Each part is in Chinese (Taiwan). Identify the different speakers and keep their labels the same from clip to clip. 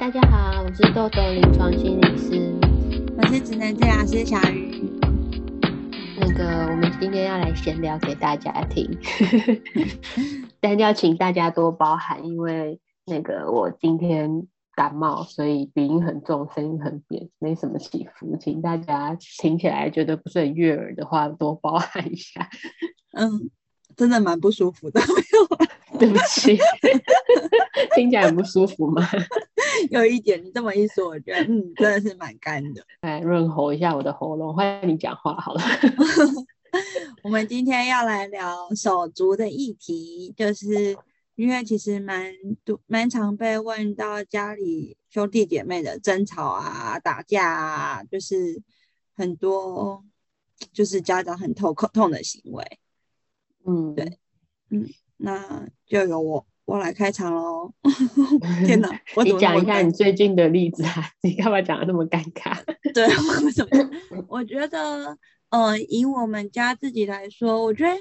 Speaker 1: 大家好，我是豆豆臨床心理師，我是職能治療師小魚。那個，我們今天要來閒聊給大家聽， 但要請大家多包涵，因為那個我今天感冒，所以鼻音很重，聲音很扁，沒什麼起伏，請大家聽起來覺得不是很悅耳的話，多包涵一下。嗯，真的蠻不舒服的。 對不起，聽起來很不舒服嗎？
Speaker 2: 有一點，你這麼一說，我覺得嗯，
Speaker 1: 真的是蠻乾的。來潤喉一下我的喉嚨，換你講話好了。
Speaker 2: 我們今天要來聊手足的議題，就是因為其實蠻多蠻常被問到家裡兄弟姐妹的爭吵啊、打架啊，就是很多就是家長很頭痛,痛的行為。嗯，對，嗯。那就由我我來開場嘍。 天哪！我講 一下你最近的例子，啊、你幹
Speaker 1: 嘛講的那麼尷尬？ 對，
Speaker 2: 我怎麼？我覺得，嗯、呃，以我們家自己來說，我覺得，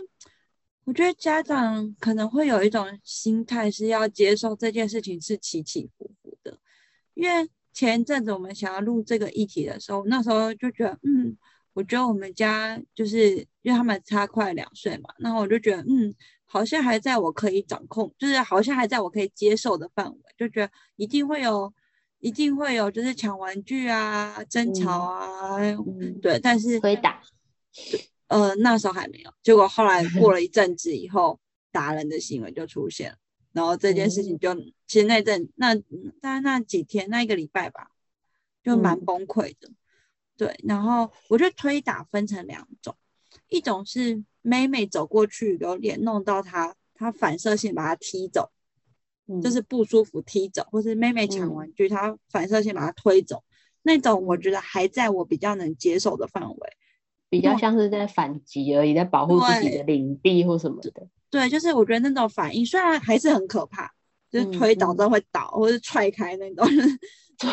Speaker 2: 我覺得家長可能會有一種心態是要接受這件事情是起起伏伏的。因為前一陣子我們想要錄這個議題的時候，那時候就覺得，嗯，我覺得我們家就是因為他們差快兩歲嘛，那我就覺得，嗯。好像還在我可以掌控，就是好像還在我可以接受的範圍，就覺得一定會有，一定會有，就是搶玩具啊、爭吵啊，嗯嗯、對。但是會打，呃，那時候還沒有。結果後來過了一陣子以後， 打人的行為就出現了，然後這件事情就其實那陣、嗯、那大概那幾天那一個禮拜吧，就蠻崩潰的、嗯，對。然後我就推打分成兩種，一種是。妹妹走過去，有點弄到他，他反射性把他踢走、嗯，就是不舒服踢走，或是妹妹搶玩具，他、嗯、反射性把他推走，那種我覺得還在我比較能接受的範圍，比較像是在反擊而已，嗯、在保護自己的領地或什麼的對。對，就是我覺得那種反應雖然還是很可怕，就是推倒之後會倒嗯嗯，或是踹開那種。 對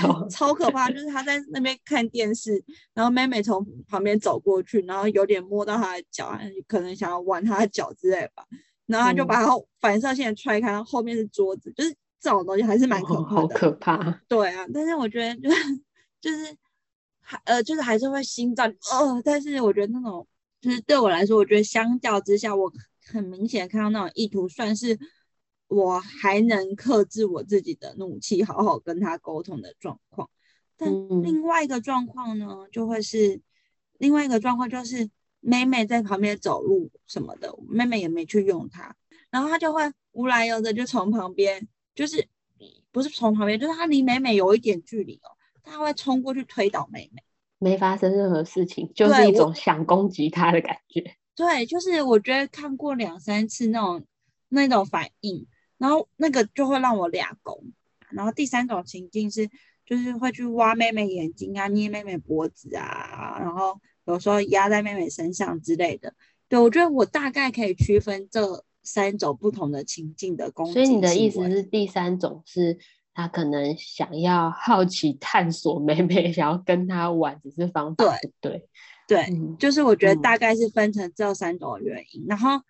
Speaker 2: 哦、嗯，超可怕！就是他在那邊看電視， 然後妹妹從旁邊走過去，然後有點摸到他的腳，可能想要玩他的腳之類吧，然後他就把他反射性的踹開，後，後面是桌子，就是這種東西還是蠻可怕的、哦。好可怕！對啊，但是我覺得就是就是還呃就是還是會心臟，哦、呃，但是我覺得那種就是對我來說，我覺得相較之下，我很明顯的看到那種意圖算是。我還能剋制我自己的怒氣，好好跟他溝通的狀況。但另外一個狀況呢、嗯，就會是另外一個狀況，就是妹妹在旁邊走路什麼的，妹妹也沒去用它，然後它就會無來由的就從旁邊，就是不是從旁邊，就是它離妹妹有一點距離哦、喔，它會衝過去推倒妹妹。
Speaker 1: 沒發生任何事情，就是一種想攻擊他的感覺。
Speaker 2: 對。對，就是我覺得看過兩三次那種那種反應。然後那個就會讓我倆攻，然後第三種情境是，就是會去挖妹妹眼睛啊，捏妹妹脖子啊，然後有時候壓在妹妹身上之類的。對，我覺得我大概可以區分這三種不同的情境的
Speaker 1: 攻擊行為。所以你的意思是第三種是他可能想要好奇探索妹妹，想
Speaker 2: 要跟她玩，只是方法不對。對、嗯，就是我覺得大概是分成這三種原因，嗯、然後。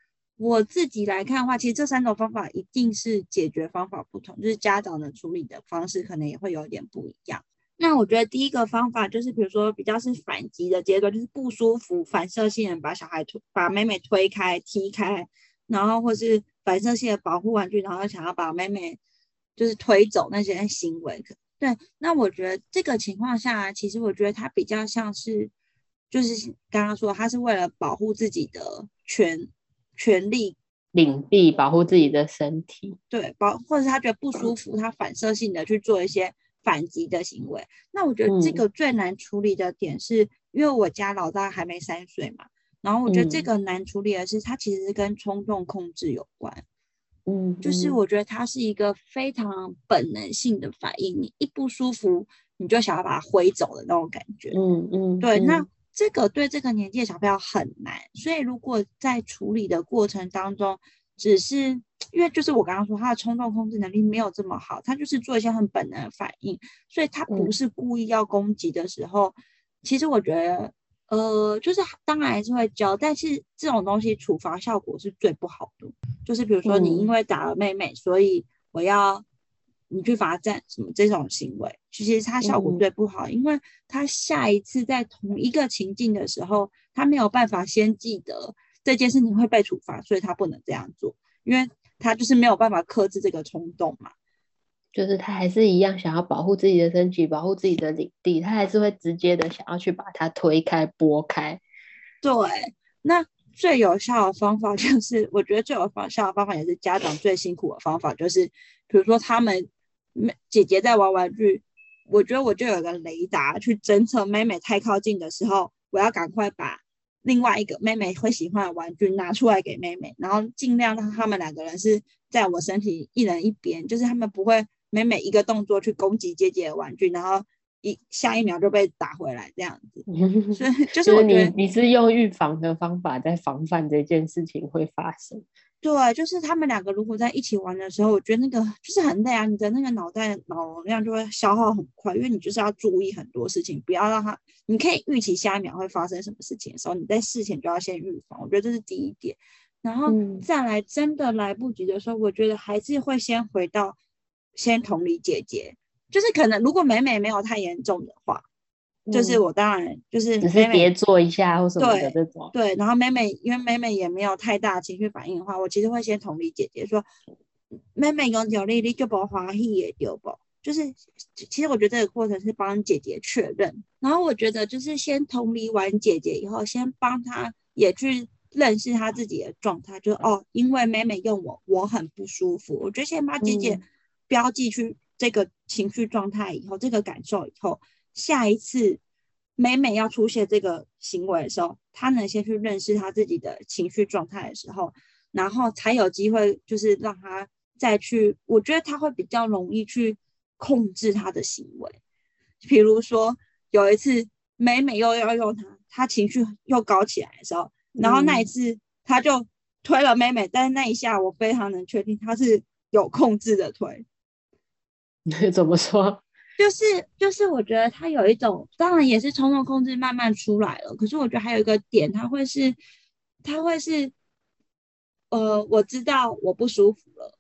Speaker 2: 我自己來看的話，其實這三種方法一定是解決方法不同，就是家長的處理的方式可能也會有點不一樣。那我覺得第一個方法就是，比如說比較是反擊的階段，就是不舒服反射性的把小孩推，把妹妹推開、踢開，然後或是反射性的保護玩具，然後想要把妹妹就是推走那些行為。對，那我覺得這個情況下，其實我覺得它比較像是，就是剛剛說她是為了保護自己的權。全力領地，保護自己的身體。對，保或者是他覺得不舒服，他反射性的去做一些反擊的行為。那我覺得這個最難處理的點是，是、嗯、因為我家老大還沒三歲嘛。然後我覺得這個難處理的是，他、嗯、其實是跟衝動控制有關。
Speaker 1: 嗯，就是我覺
Speaker 2: 得他是一個非常本能性的反應，你一不舒服，你就想要把它揮走的那種感覺。嗯嗯，對，嗯、那。這個對這個年紀的小朋友很難，所以如果在處理的過程當中，只是因為就是我剛剛說他的衝動控制能力沒有這麼好，他就是做一些很本能的反應，所以他不是故意要攻擊的時候，嗯、其實我覺得呃，就是當然還是會教，但是這種東西處罰效果是最不好的，就是比如說你因為打了妹妹，嗯、所以我要。你去罰站什麼這種行為，其實他效果最不好，嗯。因為他下一次在同一個情境的時候，他沒有辦法先記得這件事情會被處罰，所以他不能這樣做，因為他就是沒有辦法克制這個衝動嘛。就是他還是一
Speaker 1: 樣想要保護自己的身體，保護自己的領地，他還是會直接的想要去把它推開、撥
Speaker 2: 開。對，那最有效的方法，就是我覺得最有效的方法，也是家長最辛苦的方法，就是比如說他們。妹姐姐在玩玩具，我覺得我就有個雷達去偵測妹妹太靠近的時候，我要趕快把另外一個妹妹會喜歡的玩具拿出來給妹妹，然後盡量讓他們兩個人是在我身體一人一邊，就是他們不會每每一個動作去攻擊姐姐的玩具，然後。一下一秒就被打回來，這樣子，
Speaker 1: 所以就是，我覺得 就是你你是用預防的方法在防範這件事情會發生。
Speaker 2: 對，就是他們兩個如果在一起玩的時候，我覺得那個就是很累啊，你的那個腦袋腦容量就會消耗很快，因為你就是要注意很多事情，不要讓他，你可以預期下一秒會發生什麼事情的時候，你在事前就要先預防。我覺得這是第一點，然後再來真的來不及的時候，嗯、我覺得還是會先回到先同理姐姐。就是可能，如果妹妹沒有太嚴重的話，嗯，就是我當然就是妹妹只
Speaker 1: 是別做一下或什麼的這種。對，
Speaker 2: 然後妹妹因為妹妹也沒有太大情緒反應的話，我其實會先同理姐姐說，妹、嗯、妹用巧克力就不好喝也，對不？就是其實我覺得這個過程是幫姐姐確認。然後我覺得就是先同理完姐姐以後，先幫她也去認識她自己的狀態，就說、是、哦，因為妹妹用我，我很不舒服。我覺得先把姐姐標記去、嗯。這個情緒狀態以後，這個感受以後，下一次妹妹要出現這個行為的時候，他能先去認識他自己的情緒狀態的時候，然後才有機會，就是讓他再去，我覺得他會比較容易去控制他的行為。比如說有一次，妹妹又要用他，他情緒又高起來的時候，然後那一次他就推了妹妹、嗯，但是那一下我非常能確定他是有控制的推。
Speaker 1: 怎麼說？
Speaker 2: 就是就是，我覺得他有一種，當然也是衝動控制慢慢出來了。可是我覺得還有一個點，他會是，他會是，呃，我知道我不舒服了。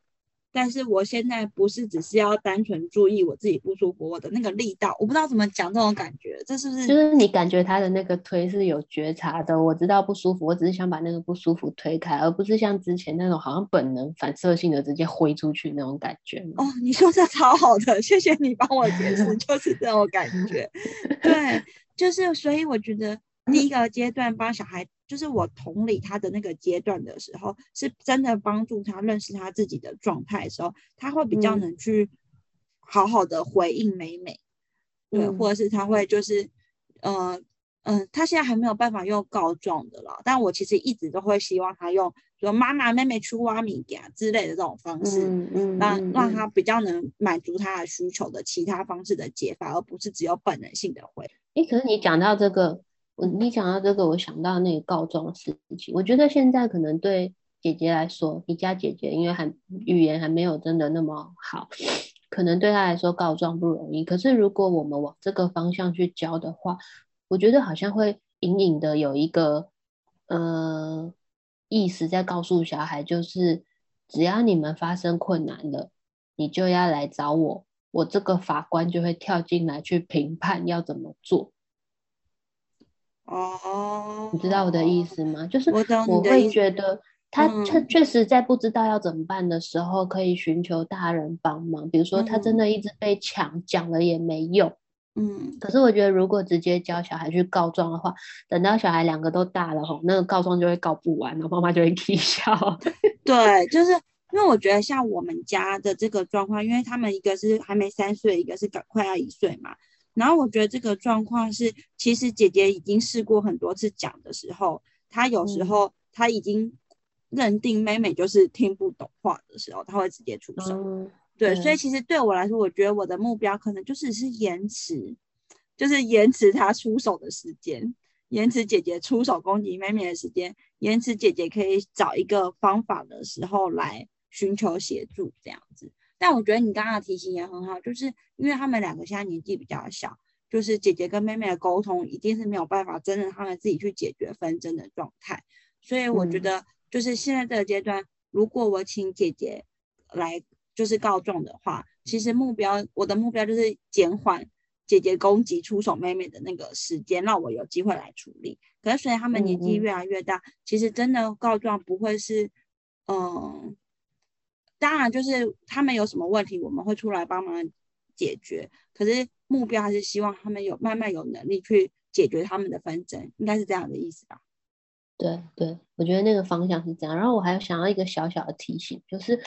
Speaker 2: 但是我現在不是只是要單純注意我自己不舒服，我的那個力道，我不知道怎麼講這種感覺，這是不是？就是
Speaker 1: 你感覺他的那個推是有覺察的，我知道不舒服，我只是想把那個不舒服推開，而不是像之前那種好像本能反射性的直接揮出
Speaker 2: 去那種感覺。哦，你說這超好的，謝謝你幫我解釋， 就是這種感覺。對，就是所以我覺得第一個階段幫小孩。就是我同理他的那個階段的時候，是真的幫助他認識他自己的狀態的時候，他會比較能去好好的回應美美，
Speaker 1: 嗯、對，或
Speaker 2: 者是他會就是，呃，嗯、呃，他現在還沒有辦法用告狀的了，但我其實一直都會希望他用說媽媽妹妹去挖米給之類的這種方式，嗯嗯，讓、嗯、讓他比較能滿足他的需求的其他方式的解法，嗯、而不是只有本能性的回。
Speaker 1: 誒、欸，可是你講到這個。嗯，你講到這個，我想到那個告狀的事情。我覺得現在可能對姐姐來說，你家姐姐因為還，語言還沒有真的那麼好，可能對她來說告狀不容易。可是如果我們往這個方向去教的話，我覺得好像會隱隱的有一個嗯，呃，意識在告訴小孩，就是只要你們發生困難了，你就要來找我，我這個法官就會跳進來去評判要怎麼做。哦，你知道我的意思嗎？就是我，我會覺得他確確、嗯、實在不知道要怎麼辦的時候，可以尋求大人幫忙。比如說，他真的一直被搶，講、嗯、了也沒用。嗯，可是我覺得如果直接教小孩去告狀的話，等到小孩兩個都大了吼，那個告狀就會告不完，然後媽媽就會起笑。
Speaker 2: 對，就是因為我覺得像我們家的這個狀況，因為他們一個是還沒三歲，一個是快要一歲嘛。然後我覺得這個狀況是，其實姐姐已經試過很多次講的時候，她有時候、嗯、她已經認定妹妹就是聽不懂話的時候，她會直接出手。嗯、對、對，所以其實對我來說，我覺得我的目標可能就是是延遲，就是延遲她出手的時間，延遲姐姐出手攻擊妹妹的時間，延遲姐姐可以找一個方法的時候來尋求協助，這樣子。但我覺得你剛剛的提醒也很好，就是因為他們兩個現在年紀比較小，就是姐姐跟妹妹的溝通一定是沒有辦法真的他們自己去解決紛爭的狀態，所以我覺得就是現在這個階段，嗯、如果我請姐姐來就是告狀的話，其實目標我的目標就是減緩姐姐攻擊出手妹妹的那個時間，讓我有機會來處理。可是隨着他們年紀越來越大，嗯嗯，其實真的告狀不會是，嗯、呃。當然，就是他們有什麼問題，我們會出來幫忙解決。可是目標還是希望他們有慢慢有能力去解決他們的紛爭，應該是這樣的意思吧？
Speaker 1: 對對，我覺得那個方向是這樣。然後我還想要一個小小的提醒，就是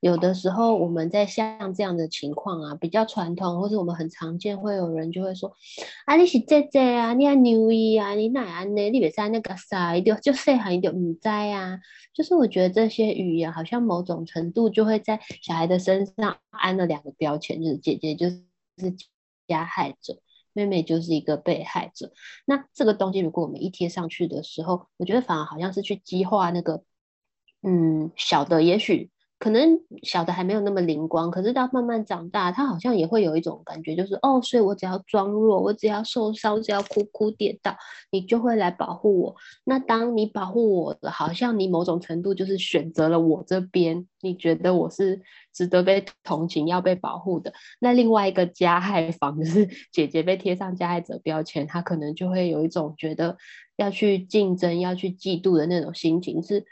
Speaker 1: 有的時候我們在像這樣的情況啊，比較傳統，或是我們很常見，會有人就會說：“嗯、啊，你是姐姐啊，你很牛逼啊，你哪樣呢？你別在那個啥，就就 say 哈，嗯，在啊。”就是我覺得這些語言好像某種程度就會在小孩的身上安了兩個標籤，就是姐姐就是是加害者。妹妹就是一個被害者，那這個東西如果我們一貼上去的時候，我覺得反而好像是去激化那個，嗯，小的也許。可能小的還沒有那麼靈光，可是到慢慢長大，他好像也會有一種感覺，就是哦，所以，我只要裝弱，我只要受傷，只要哭哭跌倒，你就會來保護我。那當你保護我的，好像你某種程度就是選擇了我這邊，你覺得我是值得被同情、要被保護的。那另外一個加害方就是姐姐被貼上加害者標籤，她可能就會有一種覺得要去競爭、要去嫉妒的那種心情是。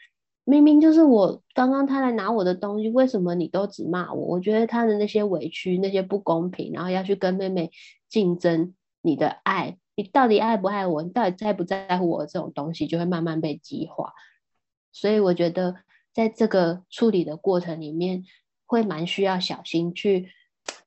Speaker 1: 明明就是我剛剛他來拿我的東西，為什麼你都只罵我？我覺得他的那些委屈、那些不公平，然後要去跟妹妹競爭你的愛，你到底愛不愛我？你到底在不在乎我？這種東西就會慢慢被激化。所以我覺得在這個處理的過程裡面，會蠻需要小心去，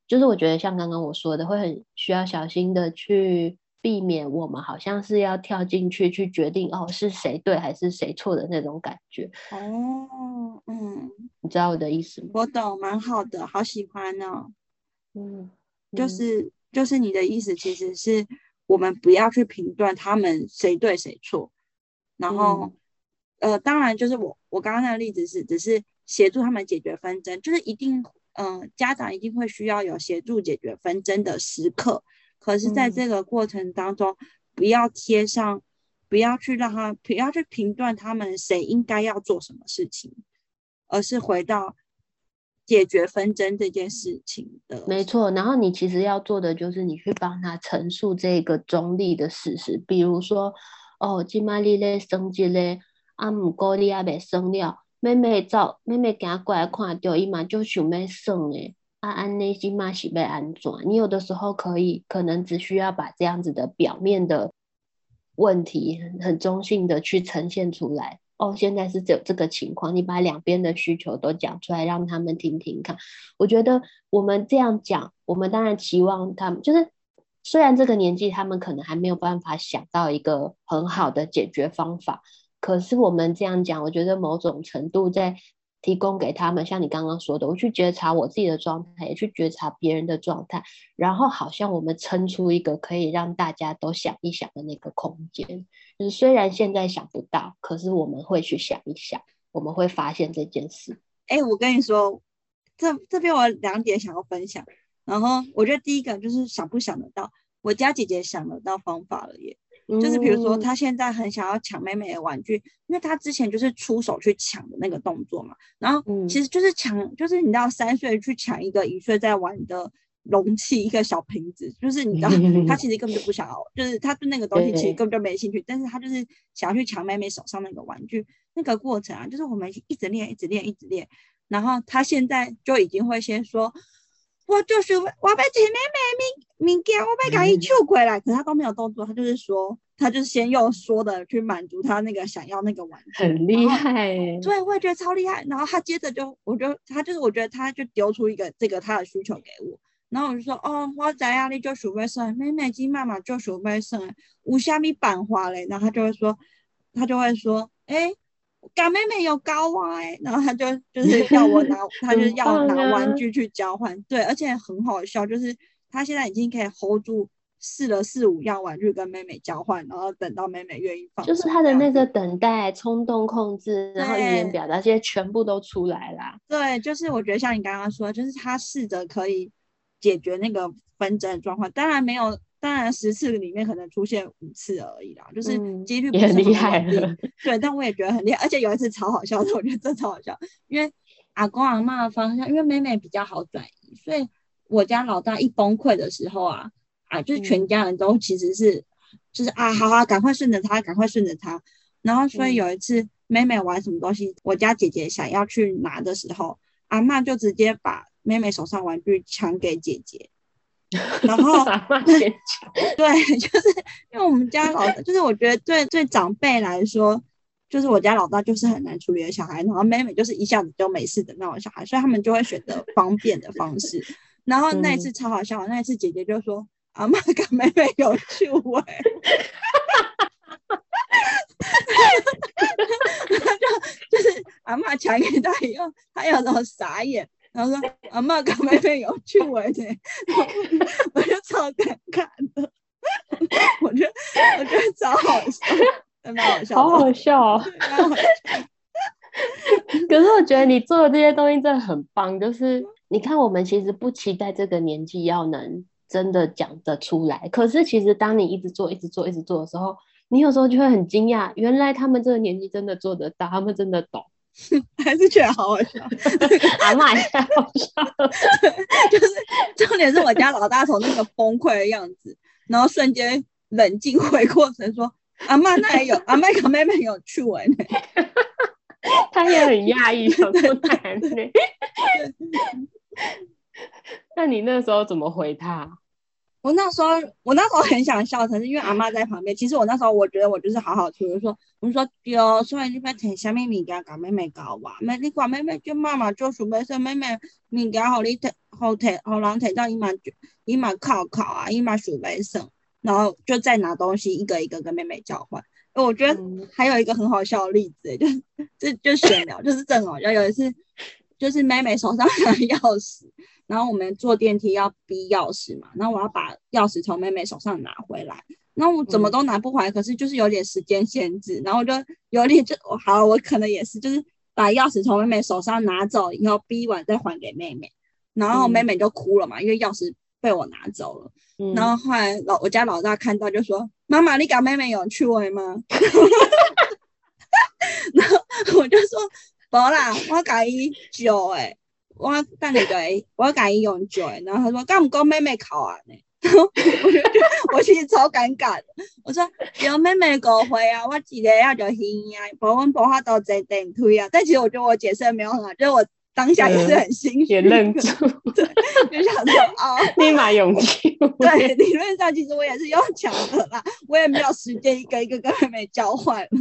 Speaker 1: 就是我覺得像剛剛我說的，會很需要小心的去。避免我們好像是要跳進去去決定哦是誰對還是誰錯的那種感覺。哦，嗯，
Speaker 2: 你
Speaker 1: 知道我的意思
Speaker 2: 嗎？我懂，蠻好的，好喜歡呢、哦。嗯，就是就是你的意思，其實是我們不要去評斷他們誰對誰錯。然後，嗯、呃，當然，就是我我剛剛那個例子是只是協助他們解決紛爭，就是一定，嗯、呃，家長一定會需要有協助解決紛爭的時刻。可是，在這個過程當中，嗯、不要貼上，不要去讓他，不要去評斷他們誰應該要做什麼事情，而是回到解決紛爭這件事情的
Speaker 1: 事。沒錯，然後你其實要做的就是，你去幫他陳述這個中立的事實，比如說，哦，今媽哩咧生一咧，阿姆哥利亞未生了，妹妹照，妹妹驚乖，看到伊嘛就想要生誒。啊、安安內心嘛，喜被安裝。你有的時候可以，可能只需要把這樣子的表面的問題很中性的去呈現出來。哦，現在是這這個情況，你把兩邊的需求都講出來，讓他們聽聽看。我覺得我們這樣講，我們當然期望他們，就是雖然這個年紀他們可能還沒有辦法想到一個很好的解決方法，可是我們這樣講，我覺得某種程度在。提供給他們，像你剛剛說的，我去覺察我自己的狀態，也去覺察別人的狀態，然後好像我們撐出一個可以讓大家都想一想的那個空間。就是雖然現在想不到，可是我們會去想一想，我們會發現這件事。
Speaker 2: 哎、欸，我跟你說，這這邊我兩點想要分享，然後我覺得第一個就是想不想得到，我家姐姐想得到方法了耶。就是比如說，他現在很想要搶妹妹的玩具，因為他之前就是出手去搶的那個動作嘛。然後其實就是搶、嗯，就是你知道三歲去搶一個一歲在玩的容器，一個小瓶子，就是你知道他其實根本就不想要，嗯、就是他對那個東西其實根本就沒興趣，嗯、但是他就是想要去搶妹妹手上那個玩具。那個過程啊，就是我們一直練，一直練，一直練，然後他現在就已經會先說。我就是我，要請妹妹明明天，我要趕緊救回來。嗯、可是她都沒有動作，她就是說，她就是先用說的去滿足她那個想要那個玩具，很厲害。對，我也覺得超厲害。然後她接着就，我就她就是，我覺得她就丟出一個這個她的需求給我，然後我就說，哦，我知啊，你叫叔伯嬸，妹妹今媽媽，叫叔伯嬸，有蝦米辦法嘞？然後她就會說，她就會說，誒、欸。嘎妹妹有搞歪、欸，然後他就就是要我拿，他就是要拿玩具去交換、 嗯，對，而且很好笑，就是他現在已經可以 hold 住，試了四五樣玩具跟妹妹交換，然後等到妹妹願意放，
Speaker 1: 就是他的那個等待、衝動控制，然後語言表達，這些全部都出來啦。
Speaker 2: 對，就是我覺得像你剛剛說，就是他試着可以解決那個紛爭的狀況，當然沒有。當然，十次裡面可能出現五次而已啦，嗯、就是幾率不是那麼高。對，但我也覺得很厲害。而且有一次超好笑的，我覺得這超好笑，因為阿公阿嬤的方向，因為妹妹比較好轉移，所以我家老大一崩潰的時候啊啊，就是全家人都其實是、嗯、就是啊，好好、啊、趕快順着他，趕快順着他。然後所以有一次妹妹玩什麼東西，嗯、我家姐姐想要去拿的時候，阿嬤就直接把妹妹手上玩具搶給姐姐。 然後對、 啊，對，就是，是因為我們家老大，就是我覺得對對長輩來說，就是我家老大就是很難處理的小孩，然後妹妹就是一下子就沒事的那種小孩，所以他們就會選擇方便的方式。
Speaker 1: 然後那一次
Speaker 2: 超好笑，那一次姐姐就說阿嬤，嗯啊、跟妹妹有趣味，哈哈哈哈哈，哈哈哈哈哈，就就是阿嬤搶給他以後，他有那種傻眼。然後說阿嬤講那邊有聚會呢，我就超尷尬的，我就我就超好笑，好 好笑，好好笑，哦。好
Speaker 1: 笑 可是我覺得你做的這些東西真的很棒，就是你看我們其實不期待這個年紀要能真的講得出來，可是其實當你一直做、一直做、一直做的時候，你有時候就會很驚訝，原來他們這個年紀真的做得到，他們真的懂。還是覺得好好笑， 阿嬤好笑， 就
Speaker 2: 是重點是我家老大從那個崩潰的樣子，然後瞬間冷靜回過神說：“阿嬤那也有， 阿嬤跟妹妹有去玩呢、欸。”他也很訝異，什麼感覺？對對對對 那你那時候怎麼回他？我那時候，我那時候很想笑，可是因為阿媽在旁邊。其實我那時候，我覺得我就是好好出。我就說，我就說，有、哦，突然就被舔蝦咪咪，給阿搞妹妹搞哇。妹，你搞妹妹就媽媽做儲備生，妹妹物件，好，你摕，後摕後人摕到，伊嘛，伊嘛哭哭啊，伊嘛儲備生，然後就再拿東西一個一個跟妹妹交換。哎，我覺得還有一個很好笑的例子、欸，就就就閒聊，就，就， 就是真的，要有一次，就是妹妹手上拿鑰匙。然後我們坐電梯要逼鑰匙嘛，然後我要把鑰匙從妹妹手上拿回來，那我怎麼都拿不回來，嗯，可是就是有點時間限制，然後我就有點就好，我可能也是，就是把鑰匙從妹妹手上拿走以後逼完再還給妹妹，然後妹妹就哭了嘛，嗯、因為鑰匙被我拿走了。嗯、然後後來老我家老大看到就說：“嗯、媽媽，你搞妹妹有趣味嗎？” 然後我就說：“不 啦，我搞伊做誒。”我等你對，我要講伊永久，然後他說，干唔講妹妹考啊呢？然後我就，我其實超尷尬的。我說，有妹妹過會啊，我自己也要去呀，不然我沒辦法坐電梯啊。但其實我覺得我解釋沒有很好，就是我。當下也是很心虛，嗯，也愣住， 對，就想說
Speaker 1: 哦，立馬勇氣。對，理論
Speaker 2: 上其實我也是用搶的啦， 我也沒有時間一個一個跟妹妹交換了，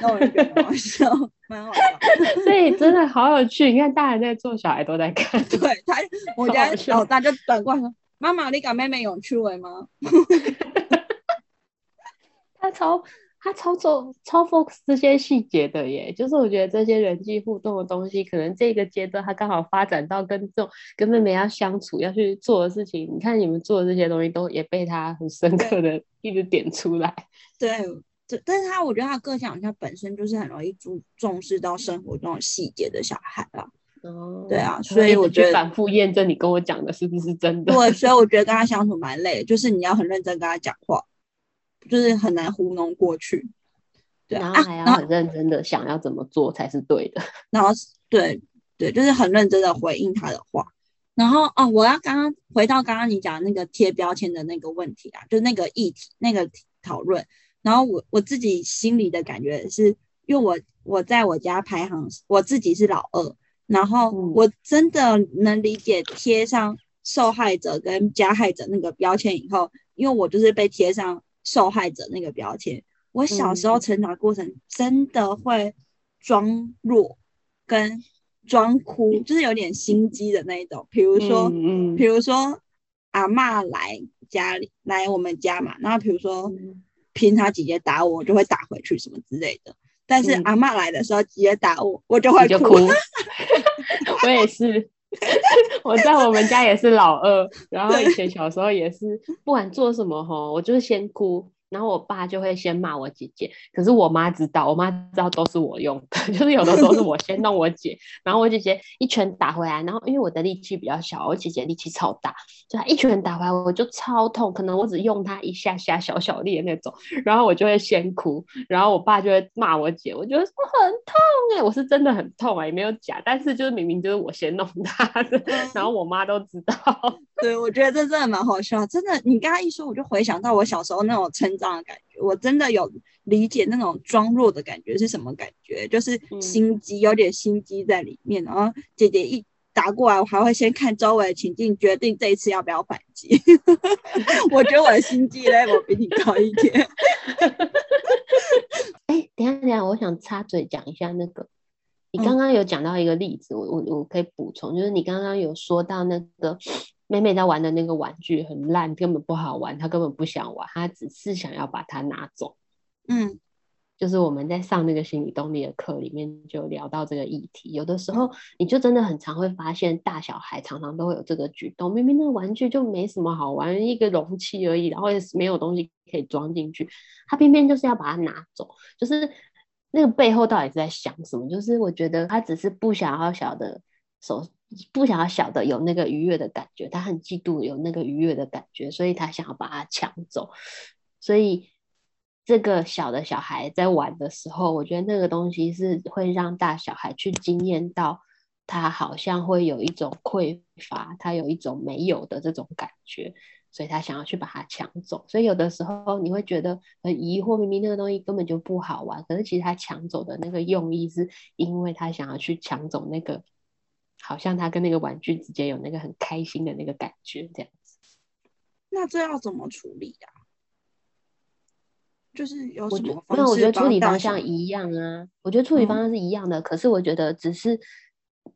Speaker 2: 弄一個玩
Speaker 1: 笑，
Speaker 2: 蠻 好玩。所以
Speaker 1: 真的好有趣，你 看大人在做，小孩都在
Speaker 2: 看。 對他，我家老大就轉過來說：“媽 媽，你給妹妹勇氣喂嗎？”
Speaker 1: 他從。他超重、超 focus 這些細節的耶，就是我覺得這些人際互動的東西，可能這個階段他剛好發展到跟這種跟妹妹要相處、要去做的事情。你看你們做的這些東西，都也被他很深刻的一直點出來。
Speaker 2: 對，對但是他我覺得他個性好像本身就是很容易注重視到生活中的細節的小孩啦。哦，對啊，所以我覺得反覆驗證你跟我講的是不是真的？對，所以我覺得跟他相處蠻累，就是你要很認真跟他講話。就是很難糊弄過去，對、啊，然後還要很認真的想要怎麼做才是對的，啊、然後，然後對對，就是很認真的回應他的話，然後哦，我要剛剛回到剛剛你講那個貼標籤的那個問題啊，就那個議題那個討論，然後我我自己心裡的感覺是因為我我在我家排行我自己是老二，然後我真的能理解貼上受害者跟加害者那個標籤以後，因為我就是被貼上。受害者那個標籤，我小時候成長過程真的會裝弱跟、跟裝哭，就是有點心機的那一種。比如說，比、嗯嗯、如說，阿嬤來家裡來我們家嘛，那比如說平常、嗯、姐姐打我，我就會打回去什麼之類的。但是阿嬤來的時候、嗯，姐姐打我，我就會哭。哭。 我也是。
Speaker 1: 我在我們家也是老二，然後以前小時候也是， 不管做什麼吼，我就是先哭。然後我爸就會先罵我姐姐，可是我媽知道，我媽知道都是我用的，就是有的時候都是我先弄我姐， 然後我姐姐一拳打回來，然後因為我的力氣比較小，我姐姐力氣超大，就一拳打回來我就超痛，可能我只用她一下下小小力的那種，然後我就會先哭，然後我爸就會罵我姐，我覺得我很痛哎、欸，我是真的很痛哎、欸，也沒有假，但是就是明明就是我先弄她的，然
Speaker 2: 後我媽都知道。對，我覺得這真的蠻好笑。真的，你剛剛一說，我就回想到我小時候那種成長的感覺。我真的有理解那種裝弱的感覺是什麼感覺，就是心機、嗯、有點心機在裡面。然後姐姐一打過來，我還會先看周圍的情境，請決定這一次要不要反擊。 我覺得我的心機 level
Speaker 1: 比你高一點。哎、 欸，等一下等一下，我想插嘴講一下那個，你剛剛有講到一個例子，嗯、我我我可以補充，就是你剛剛有說到那個。妹妹在玩的那個玩具很爛，根本不好玩，她根本不想玩，她只是想要把它拿走。嗯，就是我們在上那個心理動力的課裡面就聊到這個議題，有的時候你就真的很常會發現，大小孩常常都會有這個舉動。明明那個玩具就沒什麼好玩，一個容器而已，然後也沒有東西可以裝進去，她偏偏就是要把它拿走，就是那個背後到底是在想什麼？就是我覺得她只是不想要小的手。不想要小的有那個愉悅的感覺，他很嫉妒有那個愉悅的感覺，所以他想要把它搶走。所以這個小的小孩在玩的時候，我覺得那個東西是會讓大小孩去經驗到，他好像會有一種匱乏，他有一種沒有的這種感覺，所以他想要去把它搶走。所以有的時候你會覺得很疑惑，明明那個東西根本就不好玩，可是其實他搶走的那個用意是因為他想要去搶走那個。好像他跟那個玩具之間有那個很開心的那個感覺，這樣子。
Speaker 2: 那這要怎麼處理啊？就是有什麼方式？那我，我覺得處理方向一
Speaker 1: 樣啊。我覺得處理方向是一樣的，嗯、可是我覺得只是。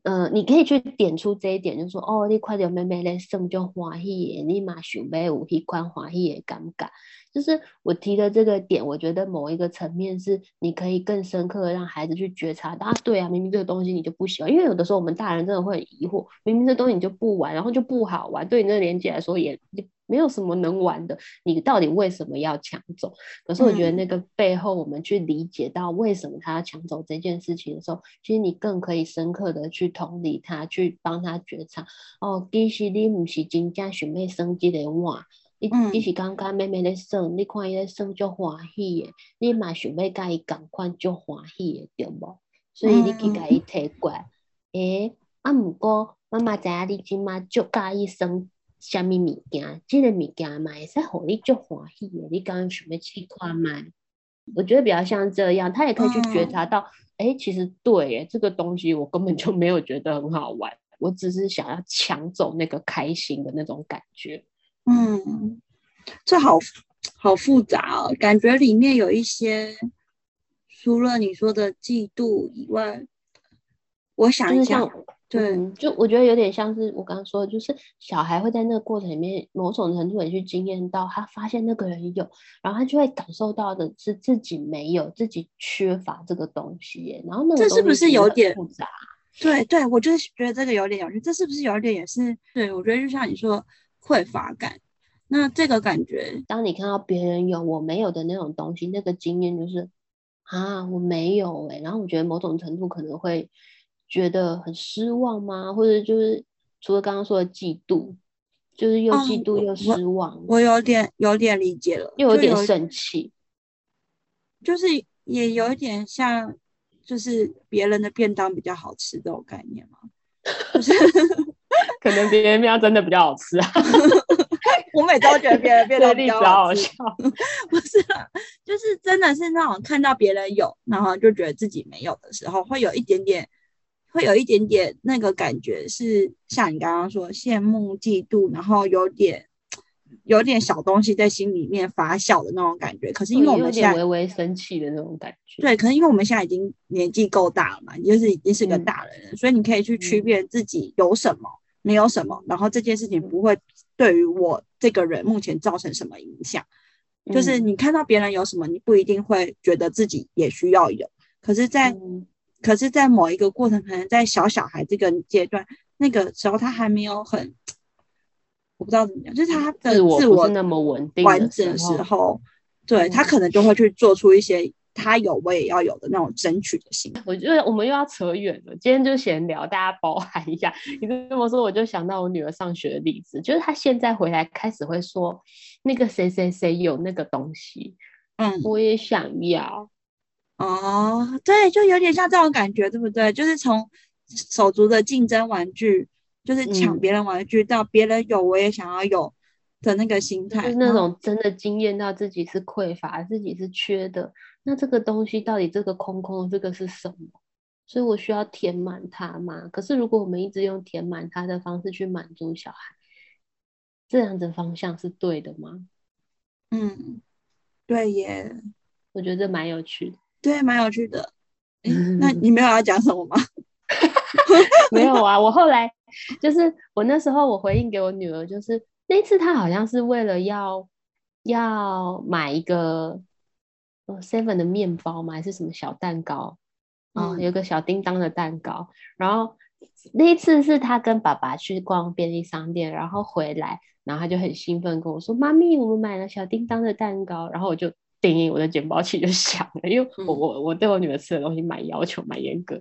Speaker 1: 呃，你可以去點出這一點，就是說哦，你快點，妹妹來什麼叫歡喜？你嘛想買，有幾款歡喜的感覺。就是我提的這個點，我覺得某一個層面是你可以更深刻的讓孩子去覺察。啊，對啊，明明這個東西你就不喜歡，因為有的時候我們大人真的會很疑惑，明明這個東西你就不玩，然後就不好玩，對你這年紀來說也。沒有什麼能玩的，你到底為什麼要搶走？可是我覺得那個背後，我們去理解到為什麼他要搶走這件事情的時候、嗯，其實你更可以深刻的去同理他，去幫他覺察。哦，其實你不是真正想要升級的話，你只是剛剛妹妹在耍，你看伊在耍就歡喜的，你嘛想要甲伊同款就歡喜的，對冇？所以你去甲伊提過來。誒、嗯欸，啊毋過媽媽在阿你只嘛就甲伊生。蝦米物件，這類物件買也是讓你足歡喜嘅。你講什麼計劃買？我覺得比較像這樣，他也可以去覺察到，誒、嗯欸。其實對、欸，哎，這個東西我根本就沒有覺得很好玩，我只是想要搶
Speaker 2: 走那個開心的那種感覺。嗯，這好好複雜哦，感覺裡面有一些，除了你說的嫉妒以外，
Speaker 1: 我想一想。就是
Speaker 2: 對、嗯，就我覺得有點像是我剛剛
Speaker 1: 說的，就是小孩會在那個過程裡面，某種程度也去經驗到，他發現那個人有，然後他就會感受到的是自己沒有，自己缺乏這個東西耶。然後那個這是不是有點複
Speaker 2: 雜？對對，我就是覺得這個有點有趣，這是不是有點也是？對，我覺得就像你說的匱乏感，那這個感覺，當你看到別
Speaker 1: 人有我沒有的那種東西，那個經驗就是啊，我沒有耶，然後我覺得某種程度可能會。覺得很失望嗎？或者就是除了剛剛
Speaker 2: 說的嫉妒，就是又嫉妒又失望。哦我，我有點有點理解了，又有點生氣，就是也有點像，就是別人的便當比較好吃這種概念嘛，啊，就是， 可能別人便當真的比較好吃啊 我每次都覺得別人便當比較好吃笑，， 不是，啊，就是真的是那種看到別人有，然後就覺得自己沒有的時候，會有一點點。會有一點點那個感覺，是像你剛剛說羨慕、嫉妒，然後有點有點小東西在心裡面發酵的那種感覺。可是因為我們現在微微生氣的那種感覺。對，可是因為我們現在已經年紀夠大了嘛，就是已經是個大人了，嗯、所以你可以去區別自己有什麼、嗯、沒有什麼，然後這件事情不會對於我這個人目前造成什麼影響。嗯、就是你看到別人有什麼，你不一定會覺得自己也需要有。可是在，在、嗯可是，在某一個過程，可能在小小孩這個階段，那個時候他還沒有很，我不知道怎麼樣，就是他的自我是那麼穩定，穩定完整的時候，對，嗯，他可能就會去做出一些他有我也要有的那種爭取的行為。我
Speaker 1: 覺得我們又要扯遠了，今天就閒聊，大家包涵一下。你這麼說，我就想到我女兒上學的例子，就是她現在回來開始會說，那個誰誰誰有那個東西，嗯，
Speaker 2: 我也想要。哦，對，就有點像這種感覺，對不對？就是從手足的競爭玩具，就是搶別人玩具，嗯、到別人有我也想要有的那個心態，就是那種真的經驗到自
Speaker 1: 己是匱乏，自己是缺的。那這個東西到底這個空空這個是什麼？所以我需要填滿它嘛？可是如果我們一直用填滿它的方式去滿足小孩，這樣的方向是對的嗎？嗯，對耶，我覺得蠻有趣的。對，蠻有趣的。嗯嗯。那你沒有要講什麼嗎？ 沒有啊，我後來就是我那時候我回應給我女兒，就是那一次她好像是為了要要買一個哦 seven 的麵包嗎？還是什麼小蛋糕？嗯，有個小叮噹的蛋糕。然後那一次是她跟爸爸去逛便利商店，然後回來，然後她就很興奮跟我說：“媽咪，我們買了小叮噹的蛋糕。”然後我就。叮！我的警報器就響了，因為我我我對我女兒吃的東西蠻要求蠻嚴格，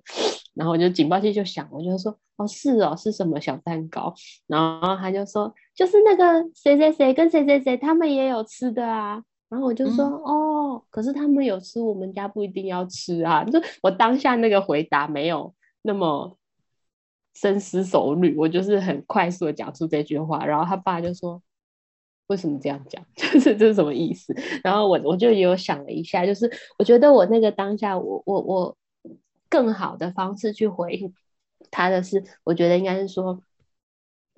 Speaker 1: 然後我就警報器就響，我就說哦，是哦，是什麼小蛋糕？然後他就說就是那個誰誰誰跟誰誰誰他們也有吃的啊，然後我就說、嗯、哦，可是他們有吃，我們家不一定要吃啊，就我當下那個回答沒有那麼深思熟慮，我就是很快速地講出這句話，然後他爸就說。為什麼這樣講？就是這是什麼意思？然後我我就有想了一下，就是我覺得我那個當下我，我我我更好的方式去回應他的是，我覺得應該是說，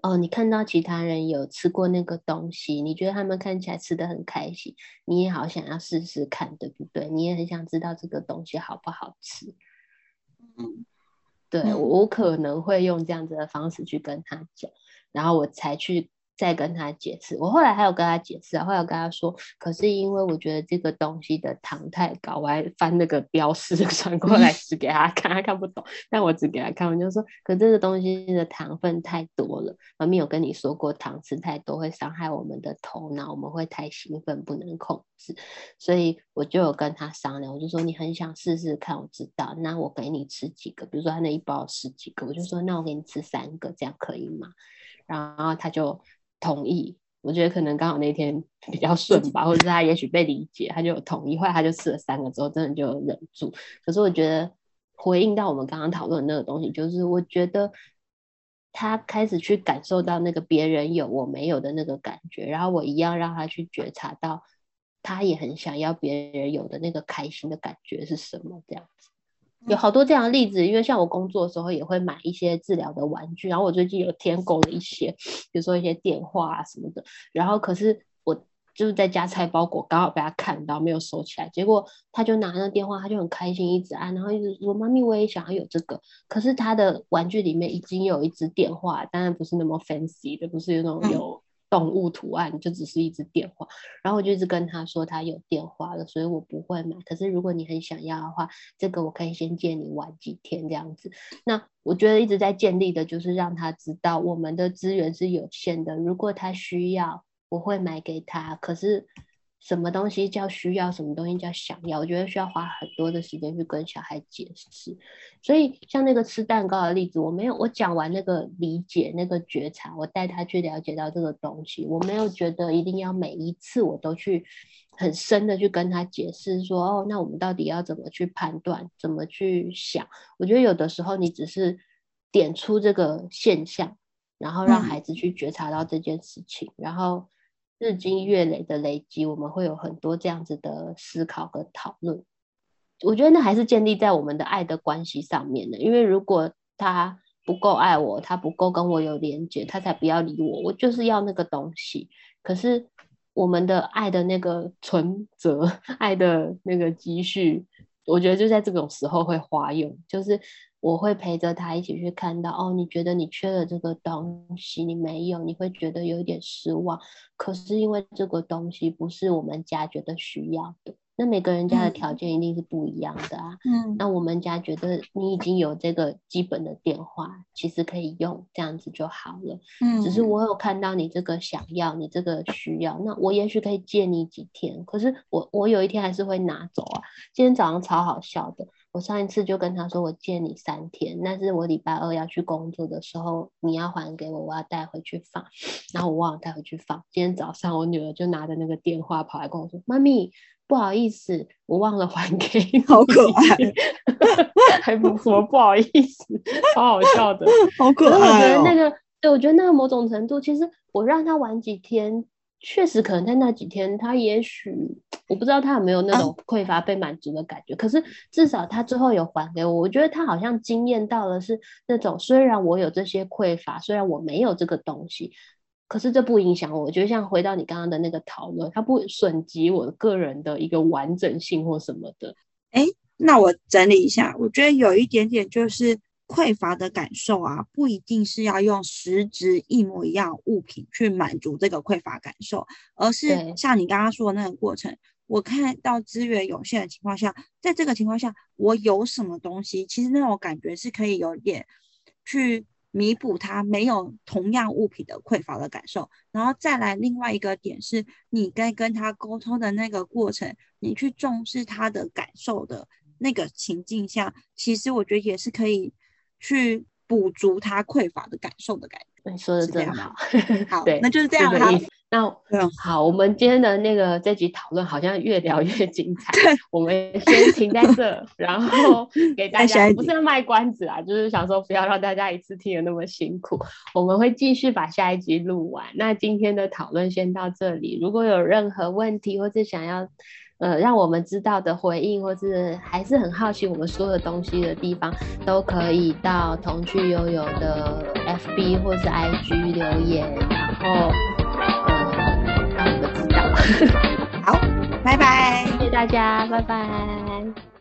Speaker 1: 哦，你看到其他人有吃過那個東西，你覺得他們看起來吃得很開心，你也好想要試試看，對不對？你也很想知道這個東西好不好吃。嗯，對，我可能會用這樣子的方式去跟他講，然後我才去。再跟他解釋，我後來還有跟他解釋啊，後來有跟他說，可是因為我覺得這個東西的糖太高，我還翻那個標示傳過來，只給他看， 他看不懂，但我只給他看，我就說，可這個東西的糖分太多了，媽咪有跟你說過，糖吃太多會傷害我們的頭腦，我們會太興奮不能控制，所以我就有跟他商量，我就說，你很想試試看，我知道，那我給你吃幾個，比如說他那一包十幾個，我就說，那我給你吃三個，這樣可以嗎？然後他就。同意，我覺得可能剛好那天比較順吧，或者是他也許被理解，他就同意。後來，他就試了三個之後，真的就忍住。可是我覺得回應到我們剛剛討論的那個東西，就是我覺得他開始去感受到那個別人有我沒有的那個感覺，然後我一樣讓他去覺察到，他也很想要別人有的那個開心的感覺是什麼這樣子。有好多這樣的例子，因為像我工作的時候也會買一些治療的玩具，然後我最近有添購了一些，比如說一些電話啊什麼的。然後可是我就是在家拆包裹，剛好被他看到，沒有收起來，結果他就拿了那個電話，他就很開心，一直按，然後一直說：“媽咪，我也想要有這個。”可是他的玩具裡面已經有一支電話，當然不是那麼 fancy 的，不是有那種有。嗯動物圖案就只是一支電話，然後我就一直跟他說他有電話了，所以我不會買。可是如果你很想要的話，這個我可以先借你玩幾天這樣子。那我覺得一直在建立的就是讓他知道我們的資源是有限的，如果他需要，我會買給他。可是，什麼東西叫需要，什麼東西叫想要？我覺得需要花很多的時間去跟小孩解釋。所以像那個吃蛋糕的例子，我沒有我講完那個理解、那個覺察，我帶他去了解到這個東西，我沒有覺得一定要每一次我都去很深的去跟他解釋說，哦，那我們到底要怎麼去判斷，怎麼去想？我覺得有的時候你只是點出這個現象，然後讓孩子去覺察到這件事情，嗯、然後。日積月累的累積，我們會有很多這樣子的思考和討論。我覺得那還是建立在我們的愛的關係上面的，因為如果他不夠愛我，他不夠跟我有連接，他才不要理我。我就是要那個東西。可是我們的愛的那個存摺，愛的那個積蓄，我覺得就在這種時候會花用，就是。我會陪着他一起去看到哦。你覺得你缺了這個東西，你沒有，你會覺得有點失望。可是因為這個東西不是我們家覺得需要的，那每個人家的條件一定是不一樣的啊。嗯。那我們家覺得你已經有這個基本的電話，其實可以用這樣子就好了。嗯。只是我有看到你這個想要，你這個需要，那我也許可以借你幾天。可是我我有一天還是會拿走啊。今天早上超好笑的。我上一次就跟他說，我借你三天，但是我禮拜二要去工作的時候，你要還給我，我要帶回去放。然後我忘了帶回去放，今天早上我女兒就拿着那個電話跑來跟我說：“媽咪，不好意思，我忘了還給你。”好可愛， 還不
Speaker 2: 說錯 不好意思，超好笑的，好可愛哦。我覺得那
Speaker 1: 個，對我覺得那個某種程度，其實我讓他玩幾天。確實，可能在那幾天，他也許我不知道他有沒有那種匱乏被滿足的感覺，嗯。可是至少他最後有還給我，我覺得他好像經驗到了，是那種雖然我有這些匱乏，雖然我沒有這個東西，可是這不影響我。我覺得像回到你剛剛的那個討論，他不損及我個
Speaker 2: 人的一個完整性或什麼的。哎，欸，那我整理一下，我覺得有一點點就是。匱乏的感受啊，不一定是要用實質一模一樣物品去滿足這個匱乏感受，而是像你剛剛說的那個過程，我看到資源有限的情況下，在這個情況下，我有什麼東西，其實那種感覺是可以有點去彌補他沒有同樣物品的匱乏的感受。然後再來另外一個點是，你該跟他溝通的那個過程，你去重視他的感受的那個情境下，其實我覺得也是可以，去補足他匱乏的感受的感覺，你、嗯、說的真好。 好，對，那就是這樣
Speaker 1: 的意思。那、嗯、好，我們今天的那個這集討論好像越聊越精彩。我們先停在這， 然後給大家 不是賣關子啊，就是想說不要讓大家一次聽得那麼辛苦。我們會繼續把下一集錄完。那今天的討論先到這裡。如果有任何問題或者想要，呃，讓我們知道的回應，或是還是很好奇我們說的東西的地方，都可以到童趣悠遊的 FB 或是 IG 留言，然後呃讓我們知道。 好，
Speaker 2: 拜拜，
Speaker 1: 謝謝大家，拜拜。